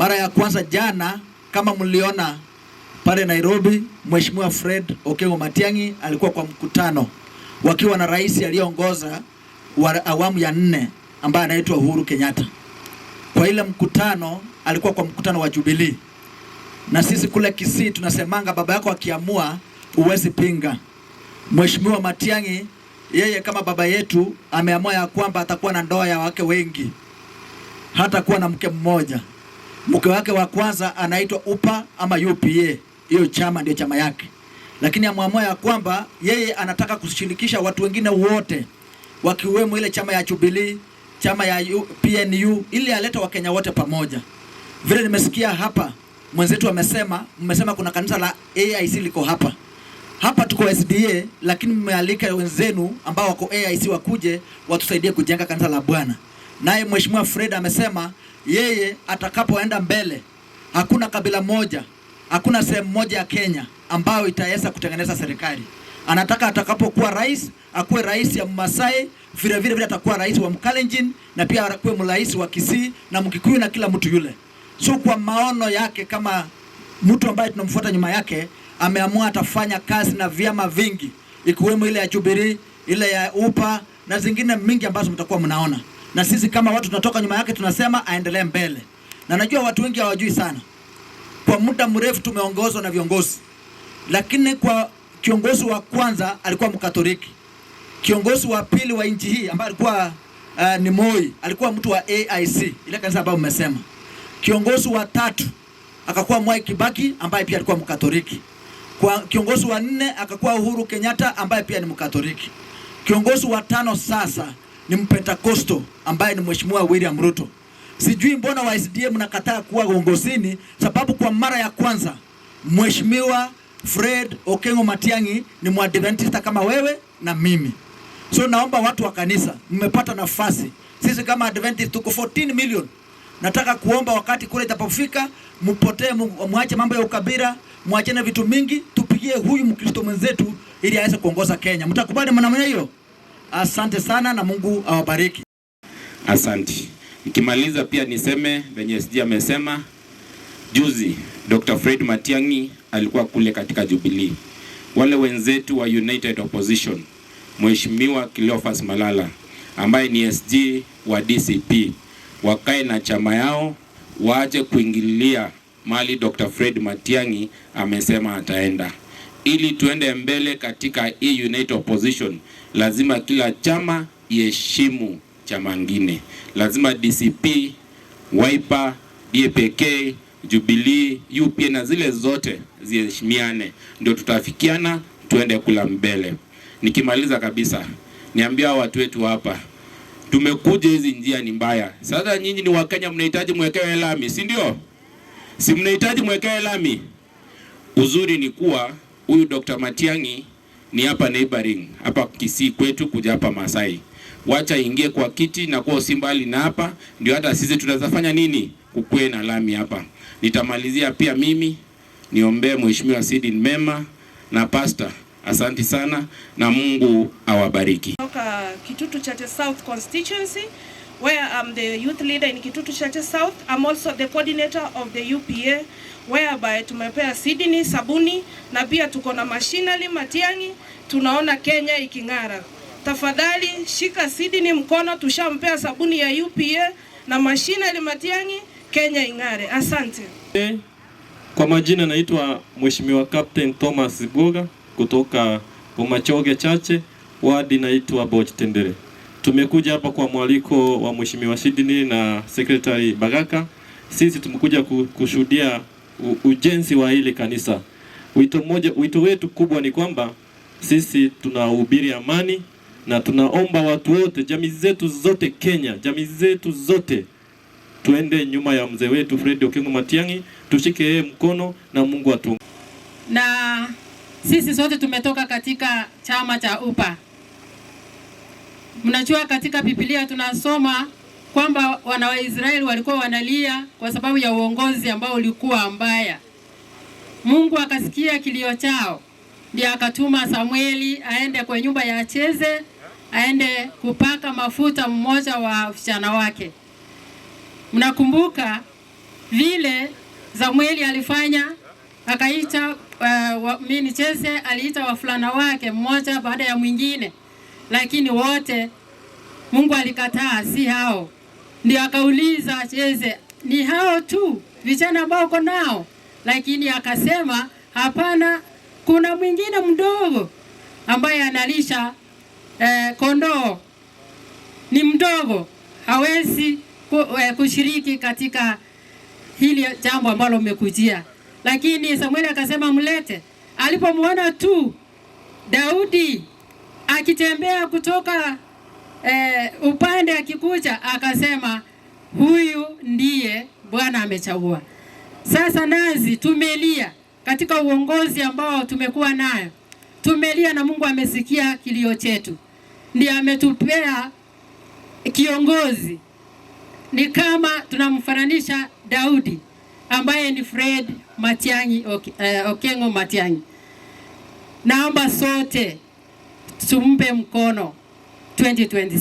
Mara ya kwanza jana, kama mliona pale Nairobi, Mheshimiwa Fred Okengo Matiang'i alikuwa kwa mkutano wakiwa na rais aliyeongoza wa awamu ya nne ambaye anaitwa Uhuru Kenyatta. Kwa ile mkutano alikuwa kwa mkutano wa Jubilee, na sisi kule Kisii tunasemanga baba yako akiamua huwezi pinga. Mheshimiwa Matiang'i yeye kama baba yetu ameamua ya kwamba atakuwa na ndoa ya wake wengi, hatakuwa na mke mmoja mke wake wa kwanza anaitwa UPA ama UPA, hiyo chama ndio chama yake, lakini amwamua ya kwamba yeye anataka kushirikisha watu wengine wote wakiwemo ile chama ya Jubilee, chama ya PNU ili aleta Wakenya wote pamoja. Vile nimesikia hapa mwenzetu amesema, mmesema kuna kanisa la AIC liko hapa hapa tuko SDA, lakini mmealika wenzenu ambao wako AIC wakuje watusaidie kujenga kanisa la Bwana. Naye Mheshimiwa Fred amesema yeye atakapoenda mbele, hakuna kabila moja, hakuna sehemu moja ya Kenya ambayo itaweza kutengeneza serikali. Anataka atakapokuwa rais akuwe rais ya Mmasai, vile vile vile atakuwa rais wa Mkalenjin na pia akuwe mrais wa Kisii na Mkikuyu na kila mtu yule. So kwa maono yake kama mtu ambaye tunamfuata nyuma yake ameamua atafanya kazi na vyama vingi ikiwemo ile ya Jubilee, ile ya UPA na zingine mingi ambazo mtakuwa mnaona na sisi kama watu tunatoka nyuma yake, tunasema aendelee mbele, na najua watu wengi hawajui sana. Kwa muda mrefu tumeongozwa na viongozi, lakini kwa kiongozi wa kwanza alikuwa Mkatoliki, kiongozi wa pili wa nchi hii ambaye alikuwa uh, ni Moi, alikuwa mtu wa AIC, ile kanisa ambayo umesema. Kiongozi wa tatu akakuwa Mwai Kibaki ambaye pia alikuwa Mkatoliki. Kwa kiongozi wa nne akakuwa Uhuru Kenyatta ambaye pia ni Mkatoliki. Kiongozi wa tano sasa ni mpentakosto ambaye ni Mheshimiwa William Ruto. Sijui mbona wa SDM nakataa kuwa uongozini, sababu kwa mara ya kwanza Mheshimiwa Fred Okengo Matiang'i ni mwadventista kama wewe na mimi. So naomba watu wa kanisa, mmepata nafasi. Sisi kama Adventist tuko 14 million. Nataka kuomba wakati kule itapofika, mpotee, mwache mambo ya ukabila, na vitu mingi, tupigie huyu Mkristo mwenzetu ili aweze kuongoza Kenya. Mtakubali maneno hiyo? Asante sana na Mungu awabariki. Asante. Nikimaliza pia niseme venye sg amesema juzi Dr. Fred Matiang'i alikuwa kule katika Jubilee. Wale wenzetu wa United Opposition, Mheshimiwa Cleophas Malala ambaye ni SG wa DCP wakae na chama yao, waache kuingilia mali Dr. Fred Matiang'i amesema ataenda, ili tuende mbele katika hii United Opposition lazima kila chama iheshimu chama ngine. Lazima DCP, Wiper, DAPK, Jubilee, UPA na zile zote ziheshimiane, ndio tutafikiana, tuende kula mbele. Nikimaliza kabisa, niambia watu wetu hapa tumekuja hizi njia ni mbaya. Sasa nyinyi ni Wakenya, mnahitaji mwekewe lami, si ndio? Si mnahitaji mwekewe lami? Uzuri ni kuwa huyu Dr. Matiang'i ni hapa neighboring hapa Kisii kwetu kuja hapa Masai. Wacha ingie kwa kiti na kwa mbali na hapa ndio hata sisi tunazafanya nini kukue na lami hapa. Nitamalizia pia mimi niombee Mheshimiwa Sidin Mema na pasta. Asanti sana na Mungu awabariki. Kutoka Kitutu Church South Constituency where I'm the youth leader in Kitutu Chacha South. I'm also the coordinator of the UPA whereby tumepea Sydney sabuni na pia tuko na mashinali Matiangi, tunaona Kenya iking'ara. Tafadhali shika Sydney mkono, tushampea sabuni ya UPA na mashinali Matiangi, Kenya ing'are. Asante. Hey, Kwa majina naitwa Mheshimiwa Captain Thomas Boga kutoka Bomachoge Chache, wadi naitwa Boch Tendere. Tumekuja hapa kwa mwaliko wa Mheshimiwa Shidini na Sekretari Bagaka. Sisi tumekuja kushuhudia ujenzi wa hili kanisa. Wito mmoja, wito wetu kubwa ni kwamba sisi tunahubiri amani na tunaomba watu wote, jamii zetu zote Kenya, jamii zetu zote tuende nyuma ya mzee wetu Fred Okengo Matiang'i, tushike yeye mkono na Mungu atu. Na sisi sote tumetoka katika chama cha UPA. Mnajua katika Biblia tunasoma kwamba wana wa Israeli walikuwa wanalia kwa sababu ya uongozi ambao ulikuwa mbaya. Mungu akasikia kilio chao, ndiye akatuma Samueli aende kwa nyumba ya cheze aende kupaka mafuta mmoja wa vijana wake. Mnakumbuka vile Samueli alifanya, akaita uh, eh, mimi Cheze aliita wafulana wake mmoja baada ya mwingine lakini wote Mungu alikataa, si hao. Ndio akauliza Cheze, ni hao tu vijana ambao uko nao? Lakini akasema hapana, kuna mwingine mdogo ambaye analisha eh, kondoo, ni mdogo, hawezi eh, kushiriki katika hili jambo ambalo umekujia. Lakini Samueli akasema mlete. Alipomwona tu Daudi akitembea kutoka eh, upande akikuja, akasema huyu ndiye Bwana amechagua. Sasa nazi tumelia katika uongozi ambao tumekuwa nayo, tumelia na Mungu amesikia kilio chetu, ndiye ametupea kiongozi. Ni kama tunamfananisha Daudi ambaye ni Fred Matiang'i, eh, Okengo Matiang'i. Naomba sote tumpe mkono 2026.